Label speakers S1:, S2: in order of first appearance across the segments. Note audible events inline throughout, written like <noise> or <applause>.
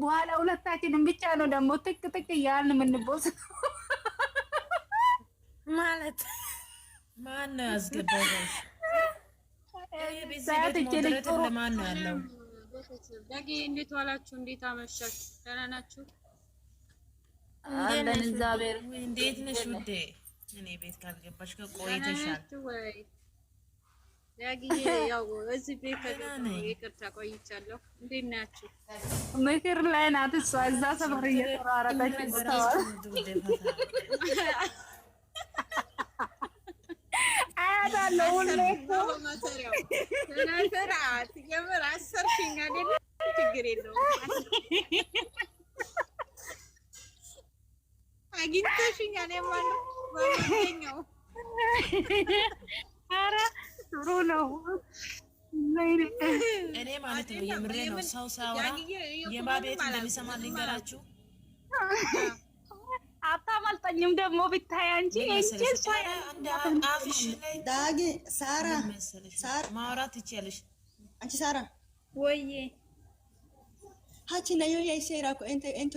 S1: በኋላ ሁለታችንም ብቻ ነው ደግሞ ትክ ትክ እያልን የምንቦስ
S2: ማለት ማን ነው ያስገባው? ለማን ነው ያለው?
S3: ዳጊ እንዴት ዋላችሁ? እንዴት አመሻችሁ? ደህና ናችሁ?
S2: እንዴት ነሽ ውዴ? እኔ ቤት ካልገባሽ ከቆይተሻል
S3: ያጊዜ እዚህ ቤት ይቅርታ ቆይቻለሁ። እንዴት
S1: ናችሁ? ምክር ላይ ናት እሷ እዛ ሰፈር እየተሯሯጠች ብታወራ አያታለሁ። ሁሌ የለውም ኧረ ጥሩ ነው።
S2: እኔ ማለት ነው የምሬ ነው። ሰው የማቤት እንደሚሰማ ልንገራችሁ።
S1: ደግሞ ብታይ አንቺ
S4: ዳጊ
S2: ሳራ ማውራት
S4: ትችያለሽ አንቺ ሳራ ሀቺ ያይሴራ ኮ ኤንቶ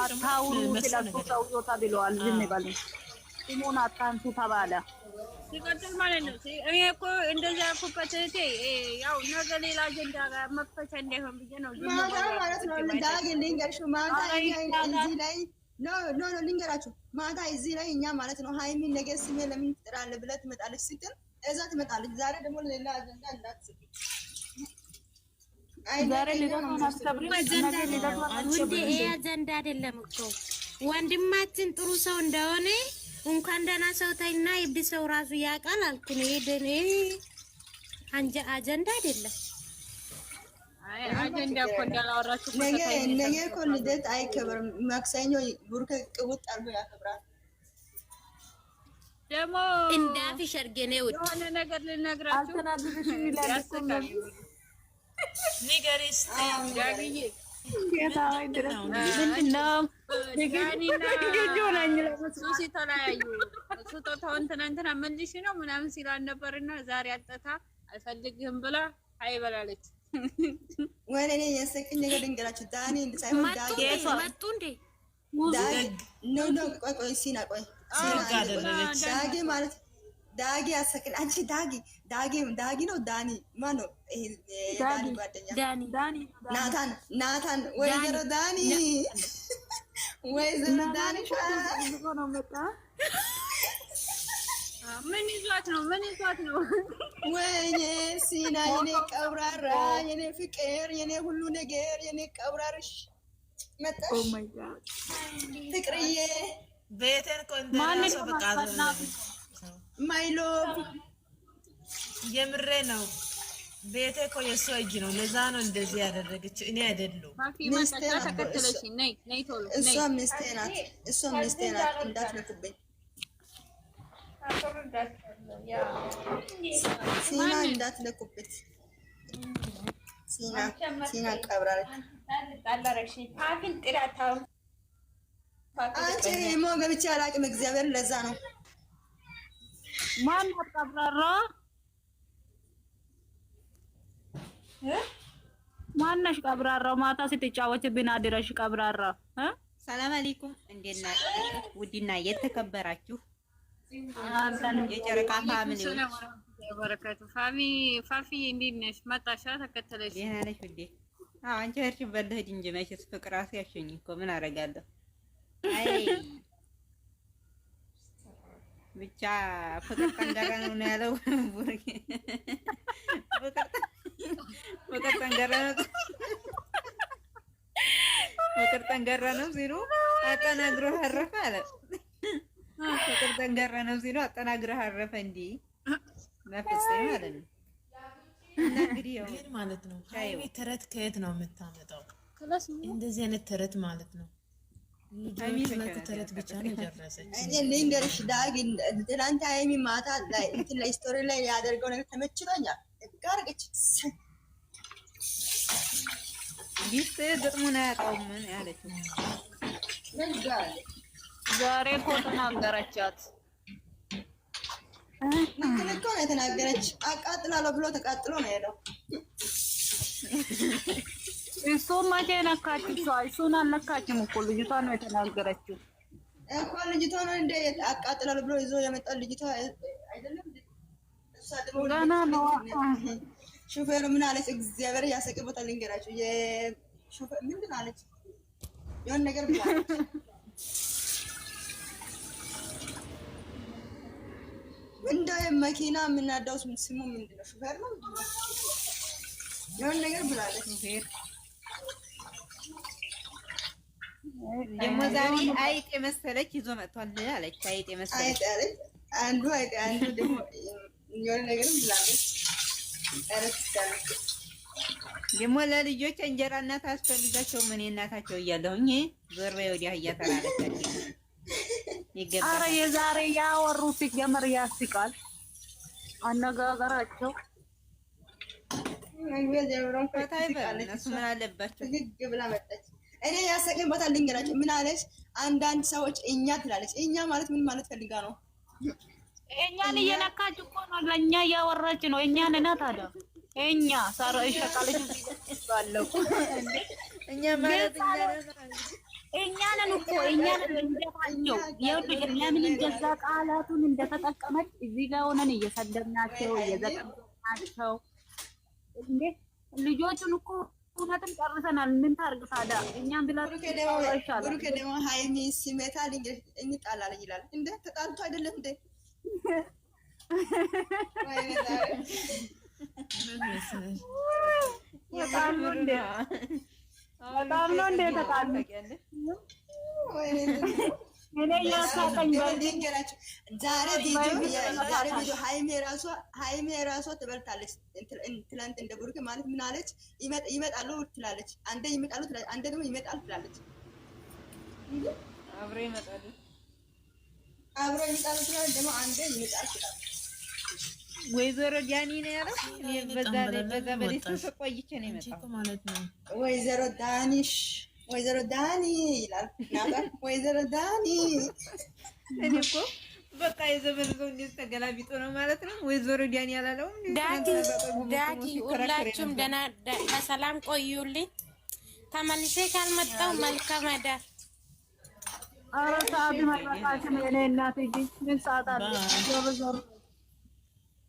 S4: አታውሩ ስላችሁ ሰውዮታ ብለዋል። ዝም በሉ ስሙን አታንሱ ተባለ።
S3: ሲቀጥል ማለት ነው እኔ እኮ እንደዚያ ያልኩበት እህቴ ያው ነገ ሌላ አጀንዳ መክፈቻ እንዳይሆን
S4: ብዬ ነው። ማታ ማለት ነው ዳግ ልንገርሽው፣ ማታ እዚህ ላይ ኖ ኖ ልንገራችሁ፣ ማታ እዚህ ላይ እኛ ማለት ነው ሀይሚን ነገ ስሜ ለምን ትጥራለህ ብለ ትመጣለች ስትል እዛ ትመጣለች። ዛሬ ደግሞ ሌላ አጀንዳ እንዳትስብ ዛሬ
S1: ይሄ አጀንዳ አይደለም እኮ ወንድማችን ጥሩ ሰው እንደሆነ እንኳን ደህና ሰው ታይና ይብድ ሰው ራሱ ያውቃል አልኩኝ። ይሄ አጀንዳ አይደለም።
S3: አጀንዳ እኮ
S4: እንዳላወራችሁ ልደት አይከብርም። ማክሰኞ ቡርክ ቅቡጥ አርጎ ያከብራል።
S3: ደግሞ እንዳፊሽ አድርጌ ነው የሆነ ነገር
S4: ልነግራችሁ
S3: ተለያዩ። ትናንትና መልሽ ነው ምናምን ሲላል ነበርና ዛሬ አጠታ አልፈልግህም ብላ አይ በላለች።
S4: ወደ እኔ ነገር ድንገራችሁ ዳኒ መጡ እንዴ? ቆይ ቆይ ሲና ቆይ ዳጊ ማለት ዳጊ አሰክል አንቺ ዳጊ ዳጊ ዳጊ ነው ዳኒ ማን
S1: ነው? ይሄ ዳኒ ጓደኛ
S4: ናታን ናታን ወይዘሮ ዳኒ ወይዘሮ ዳኒ
S3: ምን ይዟት ነው? ምን ይዟት
S4: ነው? ወይኔ ሲና የኔ ቀብራራ የኔ ፍቅር የኔ ሁሉ ነገር የኔ ቀብራርሽ መጣሽ። ኦ ማይ ጋድ ፍቅርዬ
S2: ቤተር ኮንደራ ማይሎ የምሬ ነው። ቤቴ እኮ የእሷ እጅ ነው። ለዛ ነው እንደዚህ ያደረገችው እኔ አይደለሁም።
S4: እሷ ሚስቴ ናት፣ እሷ ሚስቴ ናት። እንዳትነኩብኝ ሲና፣ እንዳትነኩበት ሲና፣ ሲና ቀብራለች። አንቺ ሞ ገብቼ እግዚአብሔር ለዛ ነው
S1: ማናት ቀብራራ? ማናሽ ቀብራራው? ማታ ስትጫወችብን አድረሽ ቀብራራ።
S2: ሰላም አለይኩም እንዴት ናችሁ? ውድና የተከበራችሁ
S3: የጨረቃ ፋሚሊ በረከቱ ፋሚ ፋፊ እንዴት ነሽ? መጣሻ ተከተለሽ።
S2: ደህና ነሽ ውዴ? አዎ አንቺ እርሽን በልህ ድንጅ መችስ ፍቅር አስያሸኝ እኮ ምን አደርጋለሁ። አይ ብቻ ፍቅር ጠንገራ ነው ነው ያለው። ቡርጌ ፍቅር ጠንገራ ነው ፍቅር ጠንገራ ነው ሲሉ አጠናግሮ አረፈ አለ። ፍቅር ጠንገራ ነው ሲሉ አጠናግሮ አረፈ። እንዲ ነፍስ ማለት ነው። እንግዲህ ማለት ነው ሃይሚ ተረት ከየት ነው የምታመጣው? እንደዚህ አይነት ተረት ማለት ነው ተረት ብቻ ነው የጨረሰች።
S4: ልንገርሽ ዳግ ትላንት ሀይሚ ማታ እንትን ላይ ስቶሪ ላይ ያደርገው ነገር ተመችቶኛል። ጋርገች
S2: ቢት ገጥሞን አያውቀውም ያለች
S3: ዛሬ እኮ ተናገረቻት።
S4: እንትን እኮ ነው የተናገረች። አቃጥላለሁ ብሎ ተቃጥሎ ነው ያለው።
S1: እሱ መቼ ነካችሁ? እሱን አልነካችም እኮ ልጅቷ ነው የተናገረችው
S4: እኮ ልጅቷ ነው እንደ አቃጥላል ብሎ ይዞ የመጣ ልጅቷ
S1: አይደለም። ገና ነው
S4: ሹፌሩ ምን አለች? እግዚአብሔር ያሰቅበታል። ልንገራችሁ የሹፌር ምንድን አለች? የሆነ ነገር ብላለች። እንደው መኪና የምናዳውስ ስሙ ምንድን ሹፌር ነው የሆነ ነገር ብላለች።
S2: ደግሞ ዛሬ አይጥ የመሰለች ይዞ መጥቷል አለች። አይጥ የመሰለች ደግሞ ለልጆች እንጀራ እናት አስፈልጋቸው ምን እናታቸው እያለሁኝ ዞር በይ ወዲያ እያተላለች
S1: ይገባል። ኧረ የዛሬ ያወሩት ሲጀመር ያስቃል አነጋገራቸው
S2: እነሱ ምን
S4: አለባቸው ብላ መጣች እኔ ያሰቀኝ ቦታ ልንገራቸው። ምን አለች? አንዳንድ ሰዎች እኛ ትላለች። እኛ ማለት ምን ማለት ፈልጋ ነው?
S1: እኛን እየነካች እኮ ነው። ለእኛ እያወራች ነው። እኛን እናት አለ እኛ ሳራ ይሸቃለች
S3: ባለው እኛ ማለት እኛ
S1: እኛንን እኮ እኛንን እንደፋኘው ይኸውልሽ፣ ለምን እንደዛ ቃላቱን እንደተጠቀመች እዚህ ጋር ሆነን እየሰደብናቸው እየዘቀናቸው እንዴ ልጆቹን እኮ እውነትም ጨርሰናል። ምን ታርግ ታዲያ እኛም
S4: ብላሩኬ ደግሞ ሀይሚ ሲመታል እንጣላለን ይላል። እንደ ተጣልቶ አይደለም እንደ
S1: በጣም ነው እንደ ተጣሉ እኔ እያሳቀኝ
S4: በልንገራቸው። ዛሬ ቪዲዮ ሀይሜ ራሷ ትበልታለች። ትላንት እንደ ቡርክ ማለት ምን አለች? ይመጣሉ ትላለች፣ አንዴ ይመጣሉ፣ አንዴ ደግሞ ይመጣሉ ትላለች፣
S3: አብሮ ይመጣሉ፣
S4: አብሮ ይመጣሉ ትላለች፣ ደግሞ አንዴ ይመጣሉ
S2: ትላለች። ወይዘሮ ዳኒ ነው ያለው። በዛ በዛ በደስ ተቆይቼ ነው የመጣው
S4: ወይዘሮ ዳኒሽ ወይዘሮ ዳኒ ይላል ነበር። ወይዘሮ ዳኒ
S2: እኔ እኮ በቃ የዘመን ሰው እንዴት ተገላቢጦ ነው ማለት ነው። ወይዘሮ
S1: ዳኒ አላለውም። ዳዲ ሁላችሁም ደህና በሰላም ቆዩልኝ። ተመልሼ ካልመጣሁ መልካም አዳር።
S4: ኧረ ሰዓት መጣችም የእኔ እናት እንጂ ምን ሰዓት አለ? ዞር ዞር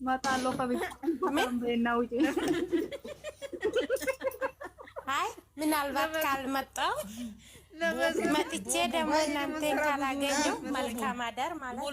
S4: እመጣለሁ ከቤት ና ውጪ
S1: አይ ምናልባት ካልመጣው መጥቼ ደግሞ እናንተን ካላገኘሁ መልካም
S2: አዳር ማለት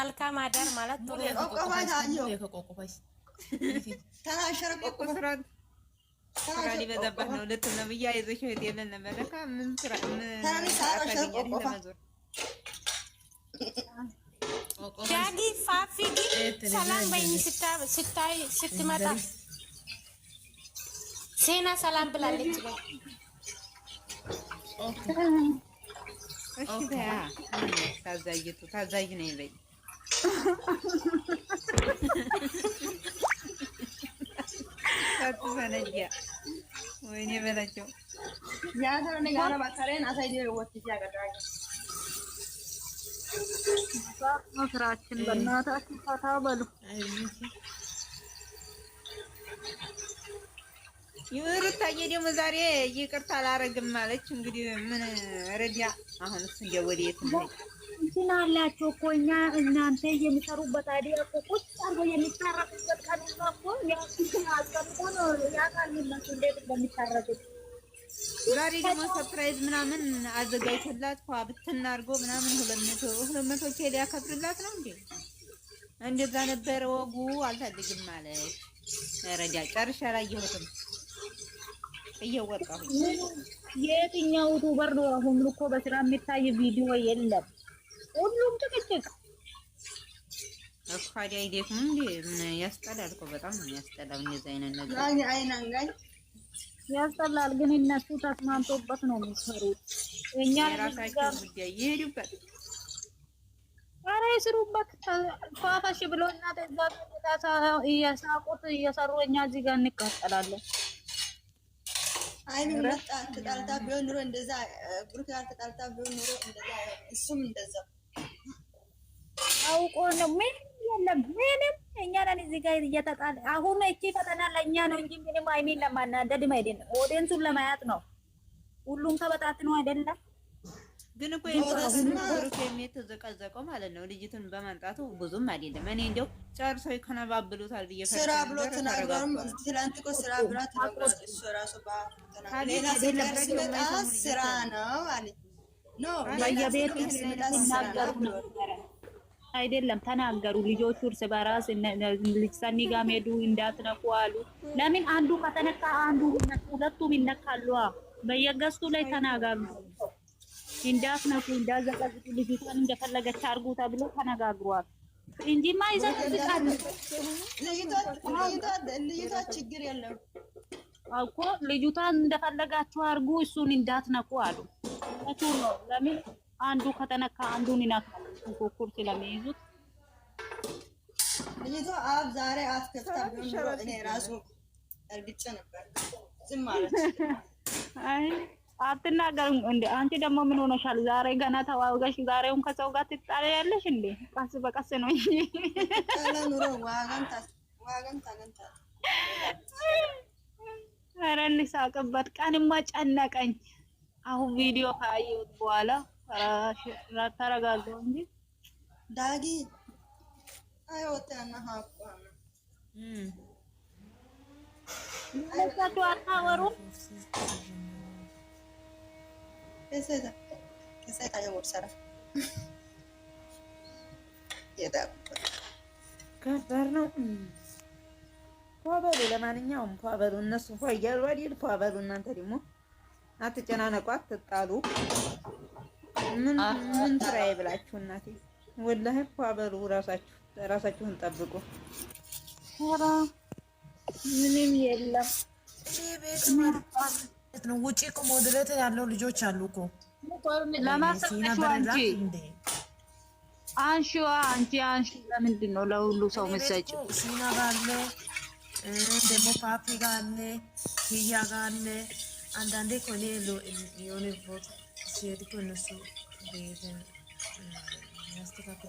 S4: መልካም አዳር ማለት
S1: ዳጊ ፋፊ ሰላም በይኝ ስታይ ስትመጣ ሴና ሰላም ብላለች።
S2: ታዛይቱ ታዛይ ነው ይበይ ታዛነያ ወይኔ በላቸው
S1: ስራችን በእናታችሁ ፈታ በሉ
S2: ይርታዬ ደግሞ ዛሬ ይቅርታ አላረግም ማለች እንግዲህ ምን ረዳ አሁን እሱ እንደ
S4: ነው እንትን አላቸው እኮ እኛ እናንተ የሚሰሩበት አይደል እኮ ቁጭ አርጎ የሚታረቁበት ቀን እኮ ነው ያቃል ሚላቸው እንዴት እንደሚታረቁት
S2: ዛሬ ደግሞ ሰርፕራይዝ ምናምን አዘጋጅቶላት ኳ ምናምን ሁለት መቶ ሁለት መቶ ነው እንዴ? እንደዛ ነበረ ወጉ። አልታደግም ማለት ረዳ ጨርሻ ላይ ይሁትም እየወጣሁ
S4: የትኛው ዩቱበር ነው አሁን እኮ በስራ የሚታይ ቪዲዮ የለም። ሁሉም ጭቅጭቅ
S2: አፋዲ አይዴት ነው ምን ያስጠላል እኮ በጣም ነው ያስጠላል።
S1: እንደዚህ አይነት ነገር አይ አይ ያስጠላል። ግን እነሱ ተስማምቶበት ነው የሚሰሩት።
S2: እኛ ራሳቸው ጉዳይ ይሄዱበት
S1: ኧረ ይስሩበት። ፏፈሽ ብሎ እና ተዛብ እያሳቁት እየሰሩ እኛ እዚህ ጋር እንቃጠላለን።
S4: አይን መጣ ተጣልታ ቢሆን ኑሮ እንደዛ ብሩክ ጋር ተጣልታ ቢሆን ኑሮ እንደዛ እሱም እንደዛ
S1: አውቆ ነው። ምን የለም ምንም እኛ ነን እዚህ ጋር እየተጣል አሁን እቺ ፈተና ለእኛ ነው እንጂ ምንም አይሚን ለማናደድም አይደለም። ኦዲየንሱን ለማያት ነው። ሁሉም ከበጣት ነው አይደለም
S2: ግን እኮ የሚ የተዘቀዘቀው ማለት ነው ልጅቱን በማምጣቱ ብዙም አይደለም። እኔ እንደው ጨርሰው ይከነባብሉታል ብዬ
S4: ስራ ብሎ ትናንት እኮ ስራ ብላ እሱ ራሱ ሌላ ሲመጣ ስራ ነው
S1: አለኝ። በየቤቱ ሲናገሩ ነበረ አይደለም ተናገሩ። ልጆቹ እርስ በራስ ልጅ ሰኒ ጋር ሄዱ እንዳትነኩ አሉ። ለምን አንዱ ከተነካ አንዱ ሁለቱም ይነካሉ። በየገዝቱ ላይ ተናጋሉ። እንዳትነኩ፣ እንዳዘቀዝቁ፣ ልጅቷን እንደፈለገች አድርጉ ተብሎ ተነጋግሯል። እንጂማ ይዘቅዝቃል።
S4: ልጅቷ ችግር የለም
S1: እኮ ልጅቷን እንደፈለጋችሁ አድርጉ፣ እሱን እንዳትነኩ አሉ። ነው። ለምን አንዱ ከተነካ አንዱን ይነካል። ቁርቁር ስለሚይዙት
S4: ልጅቷ አብ ዛሬ አትከፍታም። እኔ ራሱ እርግጬ ነበር ዝም
S1: አይ አትናገርም እንዴ? አንቺ ደግሞ ምን ሆነሻል? ዛሬ ገና ተዋውቀሽ ዛሬውን ከሰው ጋር ትጣለያለሽ እንዴ? ቀስ በቀስ ነው እንጂ ኧረ እንሳቅበት። ቀንማ ጨነቀኝ። አሁን ቪዲዮ ካየሁት በኋላ ተረጋጋሁ እንጂ
S4: ዳጊ አይወጣና ለሳቱ Essa
S2: ከባድ ነው። ፏበሉ ለማንኛውም ፏበሉ እነሱ ፏ እያሉ አይደል? ፏበሉ እናንተ ደግሞ አትጨናነቁ፣ አትጣሉ። ምን ምን ስራ ብላችሁ እናቴ። ወላሂ ፏበሉ ራሳችሁ ራሳችሁን ጠብቁ።
S4: ምንም የለም።
S2: ነው ውጪ እኮ ሞዴሬት ያለው ልጆች አሉ
S1: እኮ ለማሳነሽ እንጂ አንሺዋ አንቺ አንሺ። ለምንድን ነው ለሁሉ
S2: ሰው መሰጪው? ሲና ጋለ ደግሞ ፓፒ ጋለ ኪያ ጋለ አንዳንዴ እኮ እኔ የሆነ ቦታ ሲሄድ እኮ እነሱ ቤትን ያስተካክሉ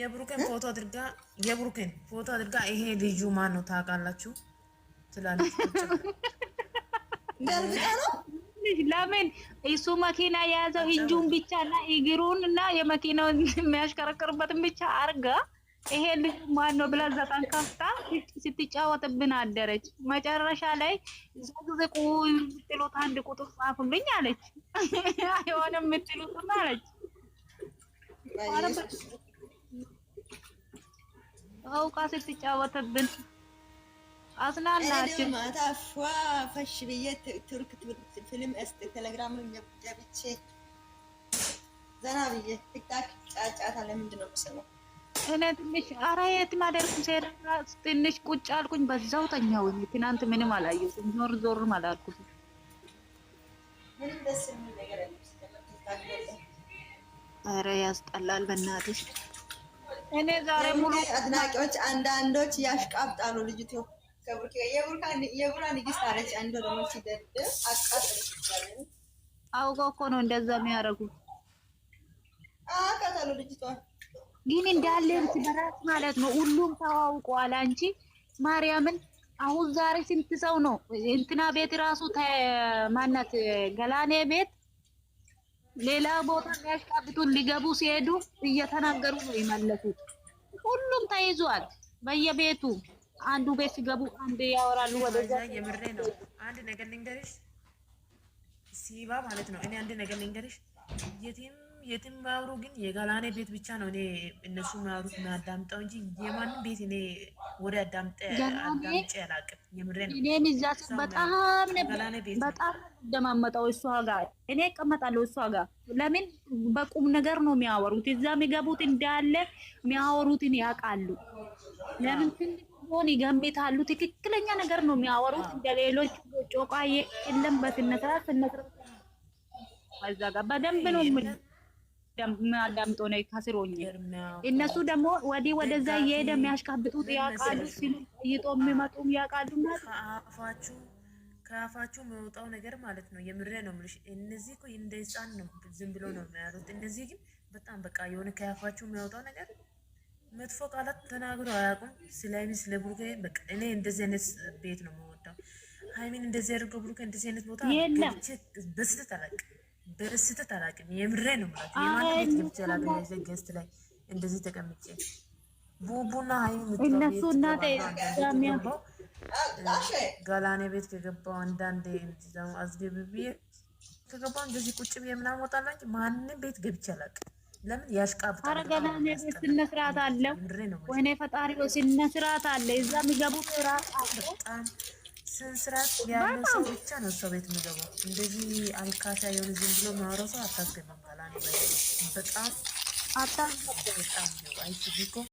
S2: የብሩክን ፎቶ አድርጋ የብሩክን ፎቶ አድርጋ ይሄ ልጁ ማን ነው ታውቃላችሁ ትላለች።
S1: ለምን እሱ መኪና የያዘው እጁን ብቻ እና እግሩን እና ብቻ አርጋ ይሄ ልጅ ማን ነው ብላ ዘፈን ከፍታ ስትጫወትብን አደረች። መጨረሻ ላይ ቁይ የምትሉት አንድ ቁጥር ጻፉልኝ አለች። አይሆንም <laughs> ምትሉት አለች። አውቃ ስትጫወትብን
S4: አዝናናችን። ማታ ፏ ፈሽ ብዬ ቱርክ ፊልም ቴሌግራም ገብቼ ዘና ብዬ ቲክታክ ጫጫታ ለምንድን ነው የምሰማው?
S1: እኔ ትንሽ ኧረ የትም አደርኩም ስሄድ ትንሽ ቁጭ አልኩኝ፣ በዛው ተኛሁኝ። ትናንት ምንም አላየሁትም፣ ዞር ዞር ማላልኩ
S4: ምንም ደስ የሚል ነገር የለም።
S2: ኧረ ያስጠላል በእናትሽ
S4: እኔ ዛሬ ሙሉ አድናቂዎች አንዳንዶች ያሽቃብጣሉ። ልጅቱ የቡራ ንግስት አለች። አንዱ ደግሞ ሲደድ
S1: አቃጠለች። አውቀው እኮ ነው እንደዛ የሚያደርጉት። አቃጠሉ ልጅቷን ግን እንዳለ እርስ ማለት ነው። ሁሉም ተዋውቋል። አንቺ ማርያምን አሁን ዛሬ ስንት ሰው ነው እንትና ቤት ራሱ ማናት ገላኔ ቤት ሌላ ቦታ የሚያሽቃብጡን ሊገቡ ሲሄዱ እየተናገሩ ነው የመለሱት። ሁሉም ተይዟል በየቤቱ አንዱ ቤት ሲገቡ አንድ
S2: ያወራሉ። ወደዛ የምሬ ነው። አንድ ነገር ልንገርሽ ሲባ ማለት ነው። እኔ አንድ ነገር ልንገርሽ የትም የትም ባብሩ ግን የጋላኔ ቤት ብቻ ነው እኔ እነሱ ማብሩት አዳምጠው እንጂ የማንም ቤት እኔ ወደ አዳምጠ አዳምጬ
S1: አላውቅም። የምሬ ነው። እኔን እዛ በጣም በጣም ደማመጣው እሱ ጋር እኔ እቀመጣለሁ። እሱ ጋር ለምን በቁም ነገር ነው የሚያወሩት። እዛ የሚገቡት እንዳለ የሚያወሩትን ያውቃሉ። ለምን ሆን ይገምታሉ። ትክክለኛ ነገር ነው የሚያወሩት። እንደሌሎች ጮቃ የለም በስነስርዓት ስነስርዓት እዛ ጋር በደንብ ነው የምልህ አዳምጦ ነው ከስር ሆኜ እነሱ ደግሞ ወዲህ ወደዛ እየሄደ የሚያሽቃብጡት ያውቃሉ፣ ሲሉ ጠይጦ የሚመጡም ያውቃሉና
S2: ከአፋችሁ መውጣው ነገር ማለት ነው። የምሬ ነው የምልሽ። እነዚህ እኮ እንደ ህፃን ነው ዝም ብሎ ነው የሚያሉት። እነዚህ ግን በጣም በቃ የሆነ ከአፋችሁ የሚያወጣው ነገር መጥፎ ቃላት ተናግሮ አያውቁም። ስለ ሀይሚን ስለ ብሩኬ በቃ እኔ እንደዚህ አይነት ቤት ነው የምወዳው። ሀይሚን እንደዚህ አድርገው ብሩኬ እንደዚህ አይነት ቦታ በስህተት አላውቅም በስህተት ታላቅም የምሬ ነው ማለት የማለት ገብቼ አላውቅም። እዚህ ገስት ላይ እንደዚህ ተቀምጬ ቡቡና ሀይሚ
S1: የምትለው
S2: ጋላኔ ቤት ከገባው አንዳንዴ አዝገብብ ከገባው እንደዚህ ቁጭ ብዬ ምናምን ወጣለሁ እንጂ ማንም ቤት ገብቼ አላውቅም።
S1: ለምን ያሽቃብ ኧረ ገላኔ ቤት ስነ ስርዓት አለ። ወይኔ ፈጣሪ ስነ ስርዓት አለ። እዛ የሚገቡት ስርዓት
S2: አለ። ስንስራት ያለው ሰው ብቻ ነው እሷ ቤት የምገባው። እንደዚህ አልካሻ የሆነ ዝም ብሎ ማውረሰው አታስገባም። በጣም
S1: አታ በጣም አይችልም እኮ